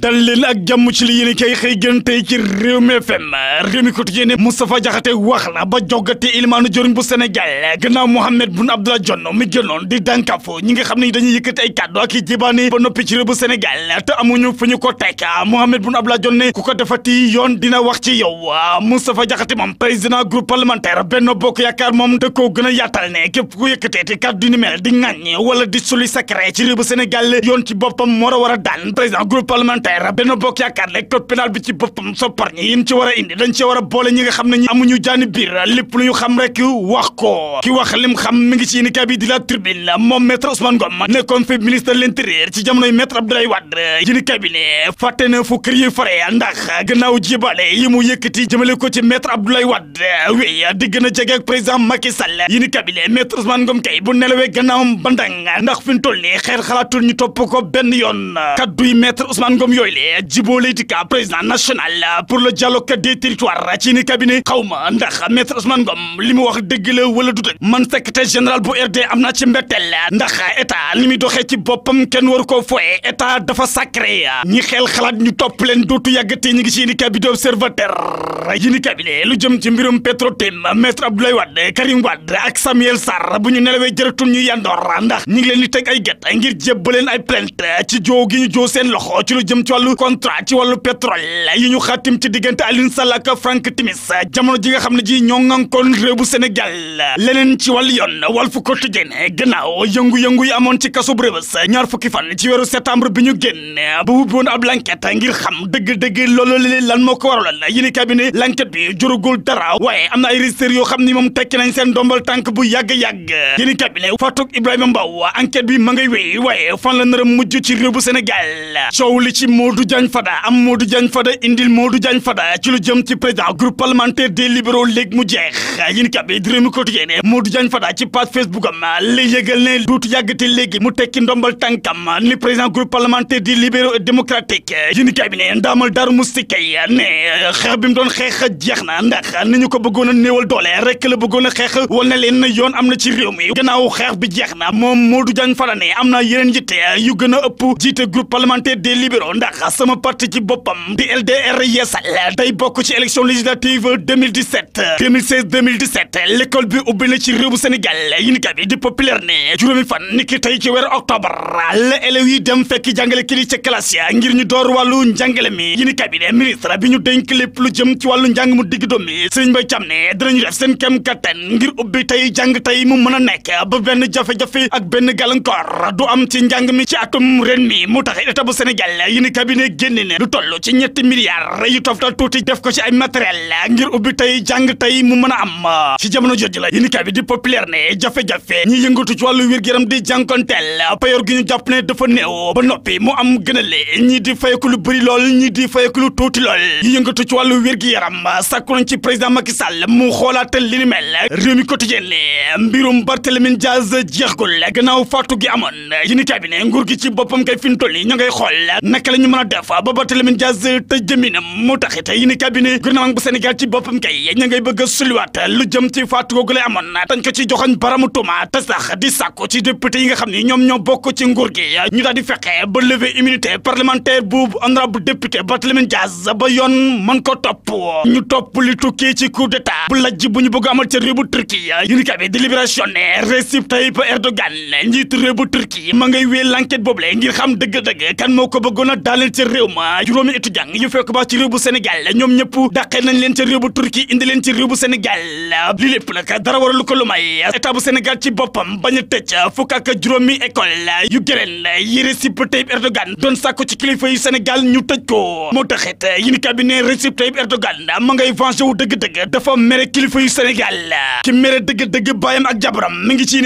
dal leen ak jàmm ci li yéen kay xëy gën tey ci réew mi FM réew mi quotidien ne Moustapha Diakhaté wax na ba joggati ilmaanu jëriñ bu Sénégal gannaaw Mohamed Boun Abdallah Dionne mi gënoon di dànkafo ñi nga xam ne dañuy yëkkati ay kàddu ak i jibaani ba noppi ci réew bu Sénégal te amuñu fu ñu ko teg Mohamed Boun Abdallah Dionne ne ku ko defa ti yoon dina wax ci yow Moustapha Diakhaté moom président groupe parlementaire Benno Bokk Yaakaar moom da koo gën a yaatal ne képp ku yëkkateeti kàddu ni mel wala di suli secret ci réew bu yoon ci boppam moo a daan président groupe affaire benn bokk yaakaar le code pénal bi ci boppam soppar ñi yin ci war a indi dañ ci war a boole ñi nga xam ne ñi amuñu jaani biir lépp lu xam rek wax ko ki wax lim xam mi ngi ci yéenekaay bi di la tribune moom maître Ousmane Ngom nekkoon fi ministre l'intérieur ci jamonoy maître Abdoulaye Wade yéenekaay bi ne fàtte na fu kër yi a ndax gannaaw jibale yi mu yëkkati jëmale ko ci maître Abdoulaye Wade oui di gën a jege ak président Macky Sall yéenekaay bi ne yooyu le jibooleyti ka président national pour le dialogue des territoires ci ni cabinet xaw ma ndax maître Ousmane Ngom li wax dëgg la wala du dëgg man secrétaire général bu RD am na ci mbetteel ndax état ni muy doxee ci boppam kenn waru koo fooye état dafa sacré ñi xel xalaat ñu topp leen dootu yàggatee ñi ngi ci ni cabinet observateur yi ni lu jëm ci mbirum Petrotim maître Abdoulaye Wade Karim Wade ak Samuel Sarr bu ñu nelawee jërëtul ñu yandoor ndax ñi ngi leen di teg ay gët ngir gi ñu joo seen loxo ci lu jëm ci wàllu contrat ci wàllu pétrole yi ñu xaatim ci diggante Alioune Sall ak Frank Timis jamono ji nga xam ne ji ñoo ŋànkoon réew bu Sénégal leneen ci wàllu yoon Walf Quotidien gannaaw yëngu-yëngu yi amoon ci kaso bu Rebeuss ñaar fukki fan ci weeru septembre bi ñu génn ba wubbi woon ab l'enquête ngir xam dëgg-dëgg loolu li lan moo ko waraloon yi ni cabinet l'enquête bi jurugul dara waaye am na ay registres yoo xam ni moom tekki nañ seen dombal tànk bu yàgg-yàgg yi ni cabinet Fatou Ibrahima Mbow enquête bi ma ngay wéy waaye fan la nar mujj ci réew bu Sénégal Modou Diagne Fada am Modou Diagne Fada indil Modou Diagne Fada ci lu jëm ci président groupe parlementaire des libéraux léegi mu jeex yéen kat bi di Rewmi Quotidien ne mu tekki ndombal tànkam ni président groupe parlementaire des libéraux et démocratiques yéen kat bi ne ndaamal Daaru Musti kay ne xeex bi mu doon xeex jeex na ndax ni ñu ko bëggoon a néewal doole rek la bëggoon a xeex wal na leen yoon am na ci réew mi gannaaw xeex bi jeex na moom Modou Diagne Fada ne am na yeneen yitte yu gën a ëpp jiite tax sama parti ci boppam di LDR yeesal day bokk ci élection législative 2017 2016 2017 l'école bi ubbi na ci réewu Sénégal yi ni bi di populaire ne juróomi fan ni ki ci weer octobre la élèves yi dem fekk jàngale kii ci classe ya ngir ñu door wàllu njàngale mi yi ni cabinet ministre bi ñu dénk lépp lu jëm ci wàllu njàng mu digg doom mi Serigne Mbaye Thiam ne dinañu def seen kem kattan ngir ubbi tey jàng tey mu mën a nekk ba benn jafe ak benn gàllankoor am ci njàng mi ci atum ren mi mu tax état bu seeni cabinet génne ne lu toll ci ñetti milliards yu toftal tuuti def ko ci ay matériel ngir ubbi tey jàng tey mu mën a am ci jamono jooju la yéenekaay bi di populaire ne jafe-jafe ñi yëngatu ci wàllu wér-gu-yaram di jànkonteel payoor gi ñu jàpp ne dafa néew ba noppi mu am gënale ñii di fayeku lu bëri lool ñii di fayeku lu tuuti lool ñi yëngatu ci wàllu wér-gu-yaram sàkku ci président Macky mu xoolaatal li ni mel réew mi quotidien ne mbirum Barthélémy Diaz jeexgul gannaaw faatu gi amoon yéenekaay bi ne nguur gi ci boppam ñu mën a def ba Barthélémy Dias tëj jëminam mu taxit yéen cabinet gouvernement bu Sénégal ci boppam kay ña ngay bëgg a suliwaat lu jëm ci faatu googu lay amoon tañ ko ci joxoñ baramu tuma te sax di sàkku ci député yi nga xam ne ñoom ñoo bokk ci nguur gi ñu daal di ba lever immunité parlementaire bu honorable député Barthélémy Dias ba yoon mën ko topp ñu topp li tukkee ci coup bu lajj bu ñu bëgg amal ci réew bu Turquie ma ngay wéel l'enquête boobule daaneel ca réew ma juróomi étudiant yu fekk baax ci réew bu Sénégal ñoom ñëpp dàqee nañ leen ca réew bu Turquie indi leen ci réew bu Sénégal li lépp nag dara waralu ko lu may état bu ci boppam bañ a tëj fukk ak juróomi école yu gëreen yi Recep Tayyip Erdogan doon sàkku ci kilifa yu Sénégal ñu tëj ko moo taxit yi ni cabinet Recep Tayyip Erdogan ma ngay vengé wu dëgg-dëgg dafa mere kilifa yu Sénégal ki mere dëgg-dëgg bàyyam ak jabaram mi ngi ci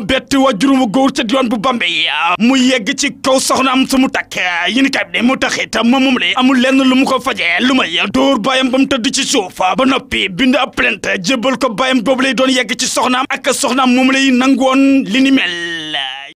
moo betti wajurumu góor ca yoon bu Bambey mu yegg ci kaw soxnaam su mu takk yi ni kay bi mu taxit moom moom la amul lenn lu mu ko fajee lu may dóor baayam ba mu tëdd ci suuf ba noppi bind ab plainte jébbal ko bàyyam boobu lay doon yegg ci soxnaam ak soxnaam moom lay nangoon li ni